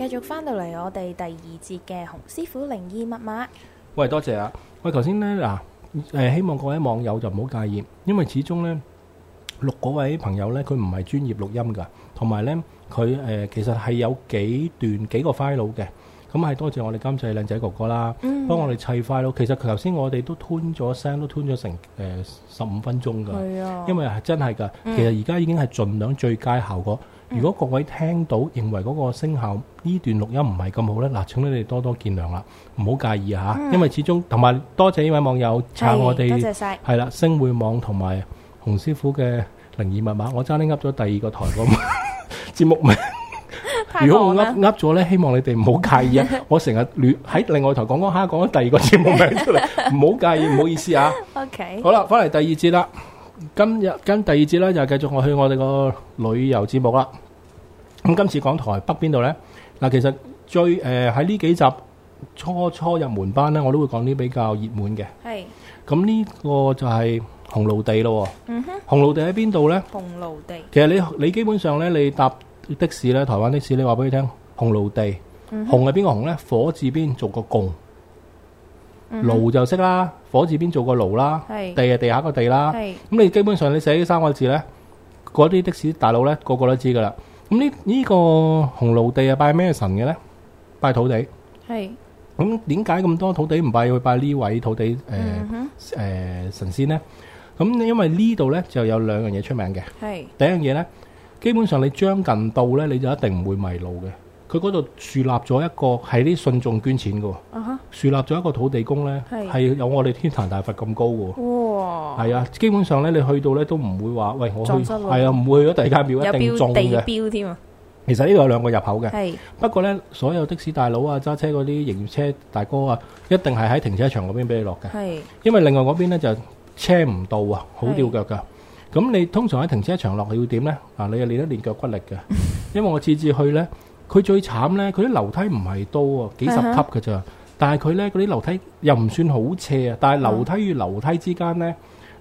繼續返到嚟我哋第二節嘅洪師傅靈異密碼。喂，多謝啊！喂，頭先呢？嗱，誒，希望各位網友就唔好介意，因為始終呢，錄嗰位朋友呢，佢唔係專業錄音噶，同埋呢，佢誒、呃，其實係有幾段幾個 file 嘅，咁、嗯、係多謝我哋今次靚仔哥哥啦，幫、嗯、我哋砌 file。其實頭先我哋都吞咗聲，都吞咗成誒十五分鐘噶，係啊、嗯，因為係真係噶，嗯、其實而家已經係盡量最佳效果。如果各位聽到認為嗰個聲效呢段錄音唔係咁好咧，嗱，請你哋多多見諒啦，唔好介意嚇，因為始終同埋多謝呢位網友撐我哋，多謝曬，係啦，星匯網同埋洪師傅嘅靈異密碼，我爭啲噏咗第二個台個節目名，如果我噏噏咗咧，希望你哋唔好介意啊，我成日亂喺另外台講講下，講緊第二個節目名出嚟，唔好介意，唔好意思啊。OK，好啦，翻嚟第二節啦，今日跟第二節咧就繼續我去我哋個旅遊節目啦。咁今次講台北邊度呢？嗱，其實最誒喺呢幾集初初入門班呢，我都會講啲比較熱門嘅。係咁呢個就係灴爐地咯。嗯哼，灴爐地喺邊度呢？灴爐地其實你你基本上呢，你搭的士呢，台灣的士，你話俾佢聽灴爐地。嗯、哼紅係邊個紅呢？火字邊做個共、嗯、哼爐就識啦。火字邊做個爐啦。是地係地下個地啦。咁是，你基本上你寫呢三個字呢，嗰啲的士大佬呢，個個，個都知噶啦。咁呢呢個灴爐地啊，拜咩神嘅咧？拜土地。係。咁點解咁多土地唔拜，會拜呢位土地？誒誒神仙咧？咁因為呢度咧就有兩樣嘢出名嘅。係。第一樣嘢咧，基本上你將近到咧，你就一定唔會迷路嘅。佢嗰度樹立咗一個係啲信眾捐錢㗎喎。啊哈。樹立咗一個土地公咧，係有我哋天壇大佛咁高嘅喎。係啊，基本上咧，你去到咧都唔會話喂，我去係啊，唔會去咗第二間廟一定撞嘅。有地標添啊！其實呢度有兩個入口嘅，係不過咧，所有的士大佬啊，揸車嗰啲營業車大哥啊，一定係喺停車場嗰邊俾你落嘅，係。因為另外嗰邊咧就車唔到啊，好掉腳噶。咁你通常喺停車場落，你要點咧？啊，你又練一練腳骨力嘅。因為我次次去咧，佢最慘咧，佢啲樓梯唔係多啊，幾十級噶咋，但係佢咧嗰啲樓梯又唔算好斜啊，但係樓梯與樓梯之間咧。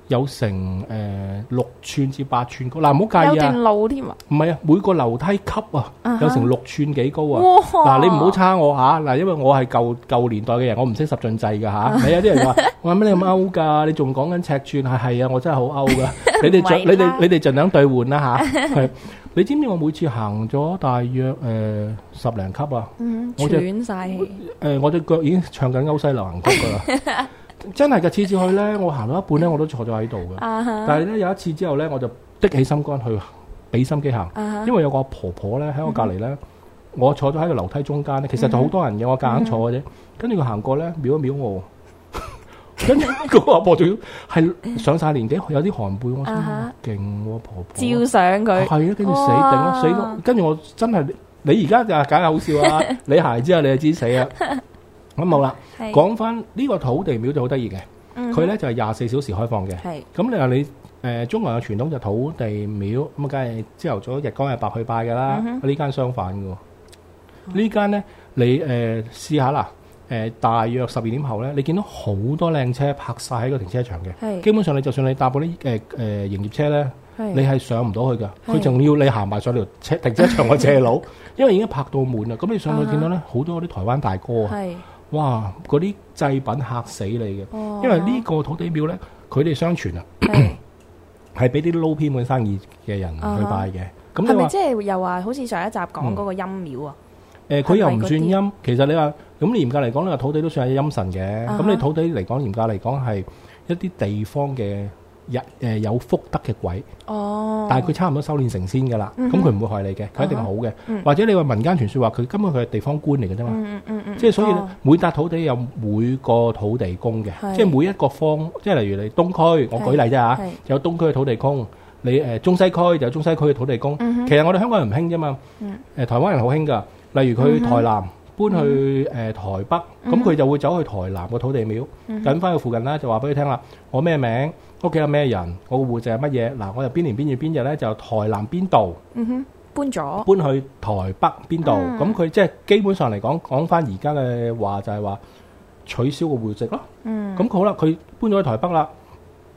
有成誒、呃、六寸至八寸高，嗱唔好介意啊！路添啊！唔係啊，每個樓梯級啊，uh huh. 有成六寸幾高啊！嗱 Wow.、啊，你唔好差我嚇，嗱、啊，因為我係舊舊年代嘅人，我唔識十進制嘅吓，係啊！有啲、uh huh. 啊、人話：我話乜你咁歐㗎？你仲講緊尺寸係係啊！我真係好歐㗎！你哋盡你哋你哋盡量兌換啦、啊、吓，係、啊，你知唔知我每次行咗大約誒、呃、十零級啊？Uh huh. 我喘曬氣。誒，我隻、呃、腳已經唱緊歐西流行曲㗎啦。 真係噶次次去咧，我行到一半咧，我都坐咗喺度嘅。啊、哼但係咧有一次之後咧，我就的起心肝去俾心機行，啊、哼因為有個婆婆咧喺我隔籬咧，嗯、哼我坐咗喺個樓梯中間咧，其實就好多人嘅，我夾硬坐嘅啫。嗯、哼跟住佢行過咧，瞄一瞄我， 跟住佢婆、婆，仲要係上晒年紀，有啲寒背。我心諗，勁喎、啊哼啊、婆婆，照相佢。係哇啊，跟住死定咯，死咯。跟住我真係，你而家就係梗係好笑啦，你孩之後你就知死啦。咁冇啦，講翻呢個土地廟就好得意嘅，佢呢就係廿四小時開放嘅。咁你話你誒中國嘅傳統就土地廟，咁梗係朝頭早日光日白去拜㗎啦。呢間相反嘅，呢間呢，你誒試下啦，誒大約十二點後呢，你見到好多靚車泊晒喺個停車場嘅。基本上你就算你搭部啲誒誒營業車呢，你係上唔到去㗎。佢仲要你行埋上條車停車場嘅斜路，因為已經泊到滿啦。咁你上到見到呢，好多嗰啲台灣大哥啊。哇！嗰啲祭品嚇死你嘅，因為呢個土地廟呢，佢哋相傳啊，係俾啲撈偏門生意嘅人去拜嘅。咁係咪即係又話好似上一集講嗰個陰廟啊？佢、嗯呃、又唔算陰。是是其實你話咁嚴格嚟講，呢個土地都算係陰神嘅。咁、嗯、你土地嚟講，嚴格嚟講係一啲地方嘅。日誒有福德嘅鬼，但係佢差唔多修煉成仙㗎啦，咁佢唔會害你嘅，佢一定好嘅。或者你話民間傳說話佢根本佢係地方官嚟嘅啫嘛，即係所以咧，每笪土地有每個土地公嘅，即係每一個方，即係例如你東區，我舉例啫嚇，有東區嘅土地公，你誒中西區就有中西區嘅土地公。其實我哋香港人唔興啫嘛，誒台灣人好興㗎，例如佢台南搬去誒台北，咁佢就會走去台南個土地廟，揾翻佢附近啦，就話俾佢聽啦，我咩名？屋企有咩人？我個戶籍係乜嘢？嗱，我就邊年邊月邊日咧就台南邊度？嗯哼，搬咗，搬去台北邊度？咁佢、嗯、即係基本上嚟講，講翻而家嘅話就係話取消個戶籍咯。嗯，咁好啦，佢搬咗去台北啦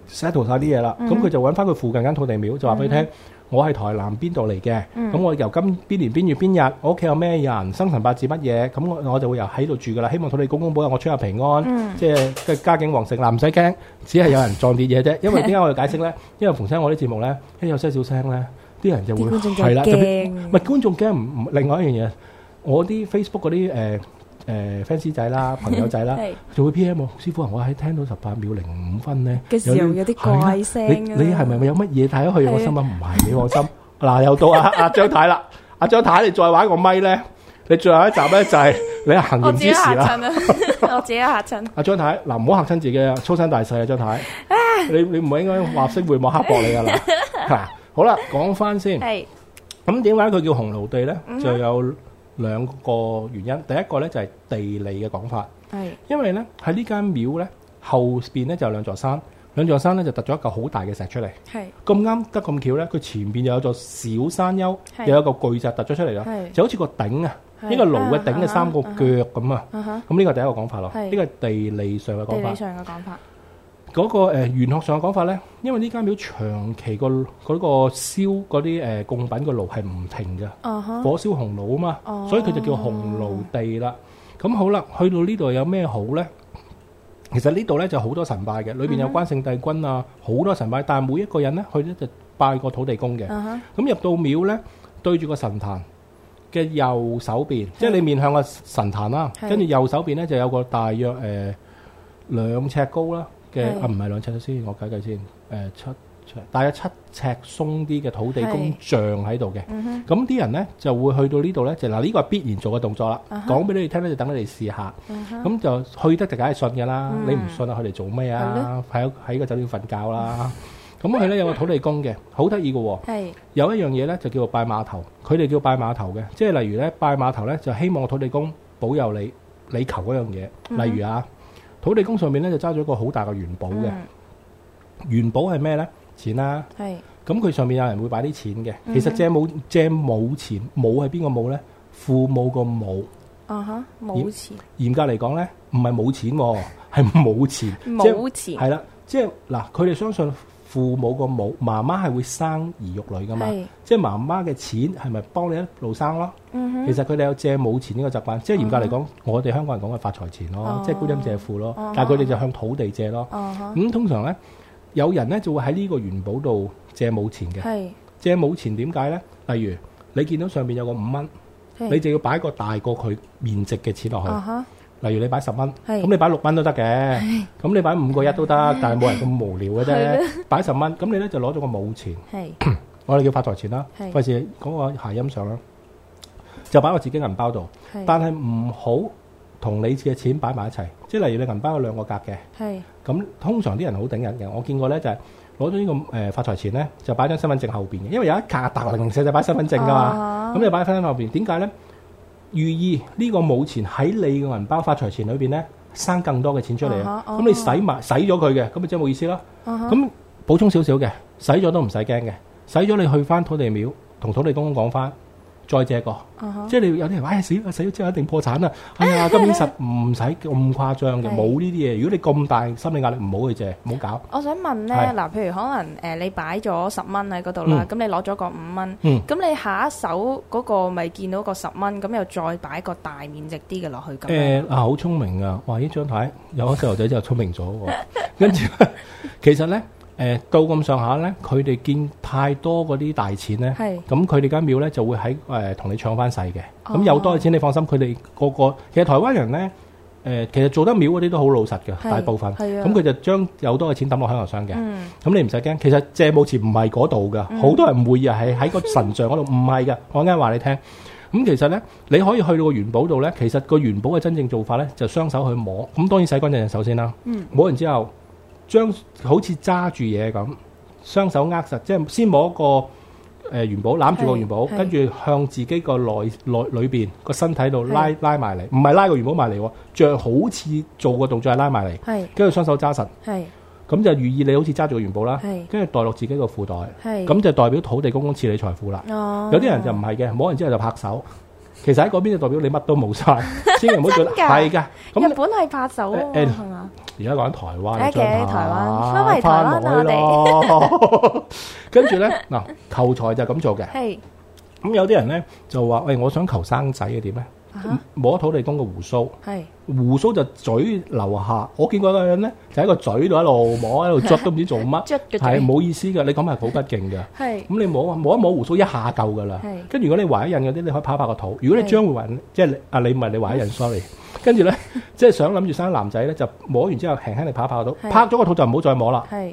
，settle 晒啲嘢啦。咁佢、嗯、哼就揾翻佢附近間土地廟，就話俾你聽。嗯我係台南邊度嚟嘅，咁我由今邊年邊月邊日，我屋企有咩人，生辰八字乜嘢，咁我我就會由喺度住㗎喇，希望同你公公保佑我出入平安，即係家境旺盛，嗱唔使驚，只係有人撞啲嘢啫，因為點解我要解釋呢？因為逢親我啲節目呢，一有些少聲呢，啲人就會，係啦，對吧？誒 fans、呃、仔啦，朋友仔啦，做個 PM 喎，M, 師傅，我喺聽到十八秒零五分咧、嗯，有啲怪聲、啊。你你係咪有乜嘢睇佢？ 我心諗唔係，我心嗱又到阿、啊、阿、啊、張太，太啦，阿、啊、張太，太你再玩個咪咧，你最後一集咧就係你行遠之時啦，我自己嚇親，阿張太嗱，唔好嚇親自己啊，粗生大細啊，張太，太。你你唔應該話識會抹黑博你噶啦，嗱，好啦，講翻先。咁點解佢叫灴爐地咧？ 就有。兩個原因，第一個咧就係、是、地理嘅講法，是因為咧喺呢間廟咧後邊咧就有兩座山，兩座山咧就凸咗一嚿好大嘅石出嚟，咁啱是得咁巧咧，佢前邊有一座小山丘，又是有一個巨石凸咗出嚟啦，是就好似個頂啊，呢是個爐嘅頂嘅三個腳咁啊，咁呢是個第一個講法咯，呢個是地理上嘅講法。嗰、那個、呃、玄學上嘅講法咧，因為呢間廟長期個嗰、那個燒嗰啲誒供品個爐係唔停嘅，uh huh. 火燒紅爐啊嘛，uh huh. 所以佢就叫灴爐地啦。咁好啦，去到呢度有咩好咧？其實呢度咧就好、是、多神拜嘅，裏邊有關聖帝君啊，好、uh huh. 多神拜，但係每一個人咧佢咧就拜個土地公嘅。咁、uh huh. 入到廟咧，對住個神壇嘅右手邊，即係、uh huh. 你面向個神壇啦，uh huh. 跟住右手邊咧就有個大約誒、呃、兩尺高啦。嘅啊，唔係兩尺先，我計計先。誒七尺，大約七尺鬆啲嘅土地公像喺度嘅。咁啲的人咧就會去到呢度咧，就嗱呢、這個係必然做嘅動作啦。講俾、啊、哼你哋聽咧，就等你哋試下。咁、啊、哼就去得就梗係信嘅啦。嗯、你唔信啊，佢哋做咩啊？喺喺的個酒店瞓覺啦。咁佢咧有個土地公嘅，好得意嘅喎。的有一樣嘢咧，就叫做拜碼頭。佢哋叫拜碼頭嘅，即係例如咧拜碼頭咧，就希望土地公保佑你，你求嗰樣嘢。例如啊。啊土地公上面咧就揸咗個好大嘅元寶嘅，嗯、元寶係咩咧？錢啦、啊，係是，咁佢上面有人會擺啲錢嘅。嗯、哼其實借冇借冇錢，冇係邊個冇咧？父母個冇，啊哈，冇錢。嚴格嚟講咧，唔係冇錢，係冇錢，冇錢係啦，即係嗱，佢哋相信。父母個母媽媽係會生兒育女噶嘛？即係媽媽嘅錢係咪幫你一路生咯？其實佢哋有借母錢呢個習慣，即係嚴格嚟講，我哋香港人講嘅發財錢咯，即係觀音借庫咯。但係佢哋就向土地借咯。咁通常呢，有人呢就會喺呢個元寶度借母錢嘅。借母錢點解呢？例如你見到上面有個五蚊，你就要擺個大過佢面值嘅錢落去。例如你擺十蚊，咁你擺六蚊都得嘅，咁你擺五個一都得，但係冇人咁無聊嘅啫。擺十蚊，咁你咧就攞咗個冇錢，我哋叫發財錢啦。費事嗰個鞋音上啦，就擺喺我自己銀包度，但係唔好同你嘅錢擺埋一齊。即係例如你銀包有兩個格嘅，咁通常啲人好頂人嘅。我見過咧就係攞咗呢個誒發財錢咧，就擺喺張身份證後邊嘅，因為有一格大零零細細擺身份證㗎嘛，咁你就擺喺身份證後邊。點解咧？寓意呢個冇錢喺你嘅銀包發財錢裏邊呢，生更多嘅錢出嚟啊！咁、uh huh. uh huh. 你使埋使咗佢嘅？咁咪真係冇意思咯。咁、uh huh. 補充少少嘅，使咗都唔使驚嘅，使咗你去翻土地廟同土地公公講翻。再借過，即係你有啲人話：死啦死咗之後一定破產啦。哎呀，根本實唔使咁誇張嘅，冇呢啲嘢。如果你咁大心理壓力，唔好去借，唔好搞。我想問咧，嗱，譬如可能誒你擺咗十蚊喺嗰度啦，咁你攞咗個五蚊，咁你下一手嗰個咪見到個十蚊，咁又再擺個大面積啲嘅落去。誒啊，好聰明啊！哇，呢張牌有個細路仔就聰明咗喎。跟住，其實咧。誒、呃、到咁上下咧，佢哋見太多嗰啲大錢咧，咁佢哋間廟咧就會喺誒同你搶翻細嘅。咁、哦、有多嘅錢，你放心，佢哋個個其實台灣人咧，誒、呃、其實做得廟嗰啲都好老實嘅，是大部分。咁佢的、嗯嗯、就將有多嘅錢抌落香油箱嘅。咁、嗯、你唔使驚。其實借墓錢唔係嗰度嘅，好、嗯、多人誤以為係喺個神像嗰度，唔係嘅，我啱啱話你聽。咁、嗯、其實咧，你可以去到個元寶度咧，其實個元寶嘅真正做法咧，就雙手去摸。咁當然洗乾淨隻手先啦。摸完之後。將好似揸住嘢咁，雙手握實，即係先摸一個誒元寶攬住個元寶，跟住向自己個內內裏邊個身體度拉拉埋嚟，唔係拉個元寶埋嚟，像好似做個動作係拉埋嚟，跟住雙手揸實，咁就寓意你好似揸住個元寶啦，跟住代落自己個褲袋，咁就代表土地公公賜你財富啦。有啲人就唔係嘅，冇人之後就拍手，其實喺嗰邊就代表你乜都冇晒，千祈唔好做，係㗎。日本係拍手喎，係嘛？而家講緊台灣上下，翻嚟台灣嗱，地跟住咧嗱，求財就咁做嘅。咁是、嗯、有啲人咧就話，喂，我想求生仔嘅點咧？摸土地公嘅鬍鬚，胡是鬚就嘴留下。我見過一個人咧，就喺個嘴度一路摸，喺度捽都唔知做乜，係冇 嘴意思嘅。你講埋好不敬嘅，咁是你摸摸一摸胡鬚一下夠噶啦。跟住是如果你划印嗰啲，你可以拍一拍個肚。如果你將會懷孕，即係阿你唔係你懷孕，sorry。跟住咧，即係想諗住生男仔咧，就摸完之後輕輕地拍一拍是拍一拍個肚，拍咗個肚就唔好再摸啦。是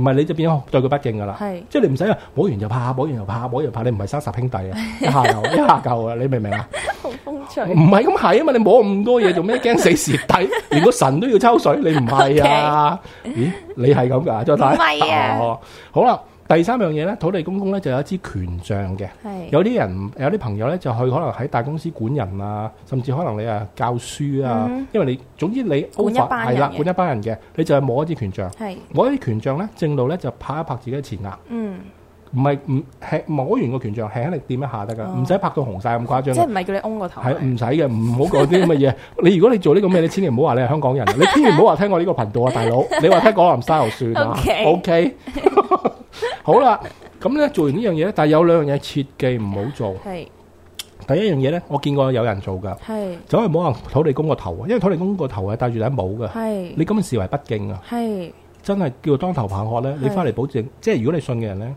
唔係你就變咗對佢不敬㗎啦，是即係你唔使啊，摸完就怕，摸完就怕，摸完就怕，摸完就怕，你唔係生十兄弟啊， 一下嚿，一下嚿啊，你明唔明啊？好 風趣，唔係咁係啊嘛，你摸咁多嘢做咩？驚死蝕底，如果神都要抽水，你唔係啊？ 咦，你係咁㗎？再睇，啊、哦，好啦。第三樣嘢咧，土地公公咧就有一支權杖嘅，係是的，有啲人有啲朋友咧就去可能喺大公司管人啊，甚至可能你啊教書啊，嗯、哼 因為你總之你 O 發係啦，管一班人嘅，你就係摸一支權杖。係，是的 摸一啲權杖咧，正路咧就拍一拍自己嘅前額。嗯。唔係唔係摸完個權杖，輕輕掂一下得噶，唔使拍到紅晒咁誇張。即係唔係叫你翁個頭？係唔使嘅，唔好講啲咁嘅嘢。你如果你做呢個咩，你千祈唔好話你係香港人，你千祈唔好話聽我呢個頻道啊，大佬，你話聽江南 Style 算啦。OK，好啦，咁咧做完呢樣嘢但係有兩樣嘢切記唔好做。係第一樣嘢咧，我見過有人做噶，係就係走去摸土地公個頭啊，因為土地公個頭係戴住頂帽噶，係你咁樣視為不敬啊，係真係叫做當頭棒喝咧。你翻嚟保證，即係如果你信嘅人咧。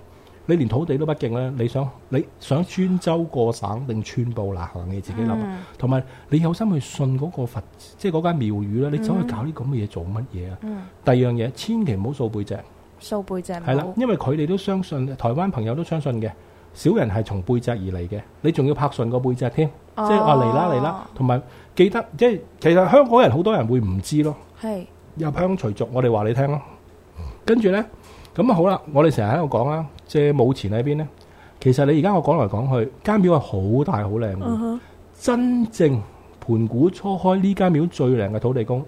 你連土地都不敬啦。你想你想專州過省定寸步難行，你自己諗。同埋、嗯、你有心去信嗰個佛，即係嗰間廟宇咧，你走去搞啲咁嘅嘢做乜嘢啊？嗯、第二樣嘢，千祈唔好掃背脊。掃背脊係啦，因為佢哋都相信，台灣朋友都相信嘅，小人係從背脊而嚟嘅，你仲要拍順個背脊添，即係、哦、啊嚟啦嚟啦，同埋記得，即係其實香港人好多人會唔知咯。係是入鄉隨俗，我哋話你聽咯，跟住咧。咁啊、嗯，好啦，我哋成日喺度講啦，借冇錢喺邊呢？其實你而家我講來講去，間廟係好大好靚嘅。嗯、哼真正盤古初開呢間廟最靚嘅土地公，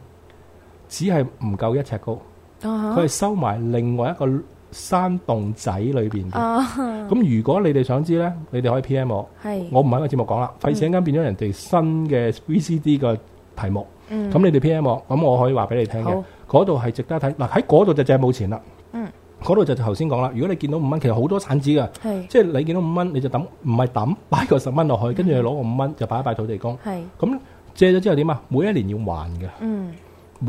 只係唔夠一尺高。佢係收埋另外一個山洞仔裏邊嘅。咁、嗯、哼如果你哋想知呢，你哋可以 P.M. 我。嗯、哼我唔喺個節目講啦，費事啱啱變咗人哋新嘅 VCD 嘅題目。咁、嗯、你哋 P.M. 我，咁我可以話俾你聽嘅嗰度係值得睇嗱。喺嗰度就借冇錢啦。嗰度就頭先講啦，如果你見到五蚊，其實好多產子㗎，即係你見到五蚊，你就抌，唔係抌，擺個十蚊落去，跟住攞個五蚊就擺一擺土地公。咁借咗之後點啊？每一年要還嘅，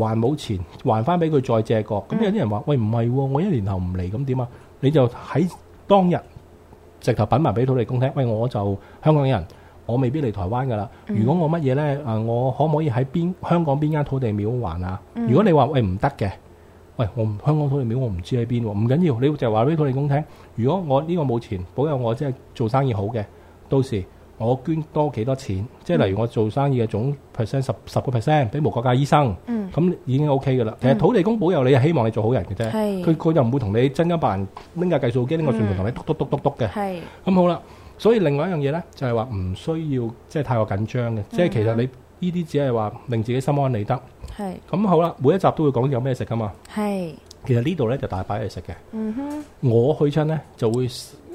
還冇錢，還翻俾佢再借過。咁有啲人話：喂，唔係，我一年後唔嚟，咁點啊？你就喺當日直頭品埋俾土地公聽。喂，我就香港人，我未必嚟台灣噶啦。如果我乜嘢呢，誒，我可唔可以喺邊香港邊間土地廟還啊？如果你話喂唔得嘅。喂，我唔香港土地廟我唔知喺邊喎，唔緊要，你就話俾土地公聽。如果我呢個冇錢，保佑我即係做生意好嘅，到時我捐多幾多錢，即係例如我做生意嘅總 percent 十十個 percent 俾無國界醫生，咁、嗯、已經 OK 嘅啦。其實土地公保佑你係、嗯、希望你做好人嘅啫，佢佢是就唔會同你真一扮拎架計數機拎個算盤同你督督督督督嘅。咁、嗯、好啦，所以另外一樣嘢咧就係話唔需要即係太過緊張嘅，嗯嗯、即係其實你。呢啲只係話令自己心安理得。係咁是、嗯、好啦，每一集都會講有咩食噶嘛。係是其實呢度咧就大把嘢食嘅。嗯哼，我去親咧就會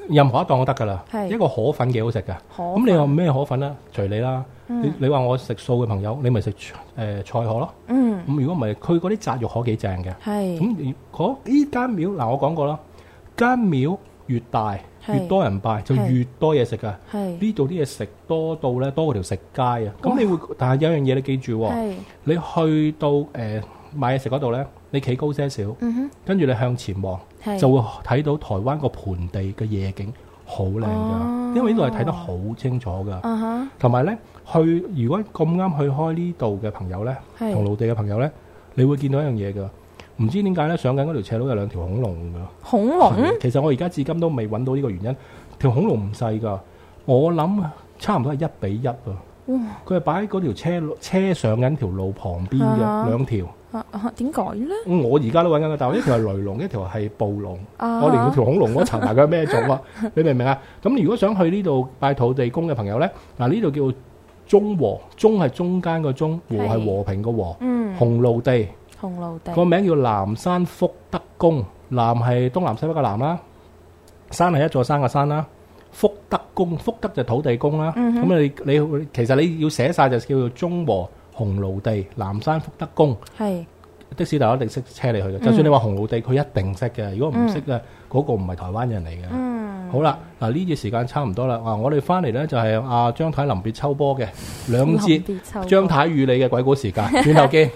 任何一檔都得噶啦。係是一個河粉幾好食噶，咁粉、嗯、你話咩河粉咧？隨你啦。嗯、你你話我食素嘅朋友，你咪食誒菜河咯。嗯，咁如果唔係佢嗰啲雜肉河幾正嘅。係咁是，嗰呢間廟嗱，我講過啦，間廟，越大，是越多人拜，就越多嘢食㗎。呢度啲嘢食多到呢，多過條食街啊！咁你會，但係有樣嘢你記住、哦，是你去到誒、呃、買嘢食嗰度呢，你企高些少，跟住、嗯、哼你向前望，是就會睇到台灣個盆地嘅夜景，好靚㗎。啊、因為呢度係睇得好清楚㗎。同埋、啊、哈呢，去如果咁啱去開呢度嘅朋友呢，同爐是地嘅朋友呢，你會見到一樣嘢㗎。唔知點解咧？上緊嗰條斜路有兩條恐龍㗎。恐龍？其實我而家至今都未揾到呢個原因。條恐龍唔細㗎，我諗差唔多係一比一啊。佢係擺喺嗰條車,車上緊條路旁邊嘅、嗯、兩條。嚇嚇點解咧？啊啊、呢我而家都揾緊嘅，但係一條係雷龍，一條係暴龍。啊、我連佢條恐龍我查埋佢係咩種啊？啊你明唔明啊？咁 如果想去呢度拜土地公嘅朋友咧，嗱呢度叫中和，中係中間個中，和係和平個和，嗯，灴爐地。個名叫南山福德宮，南係東南西北嘅南啦，山係一座山嘅山啦，福德宮福德就土地公啦，咁、嗯、哼你你其實你要寫晒就叫做中和烘爐地南山福德宮。係是的士大哥一定識車你去嘅，嗯、就算你話烘爐地，佢一定識嘅。如果唔識嘅，嗰個唔係台灣人嚟嘅。嗯，嗯好啦，嗱呢段時間差唔多啦。哇、啊，我哋翻嚟咧就係阿張太臨別秋波嘅兩節，張太與你嘅鬼故時間，轉頭機。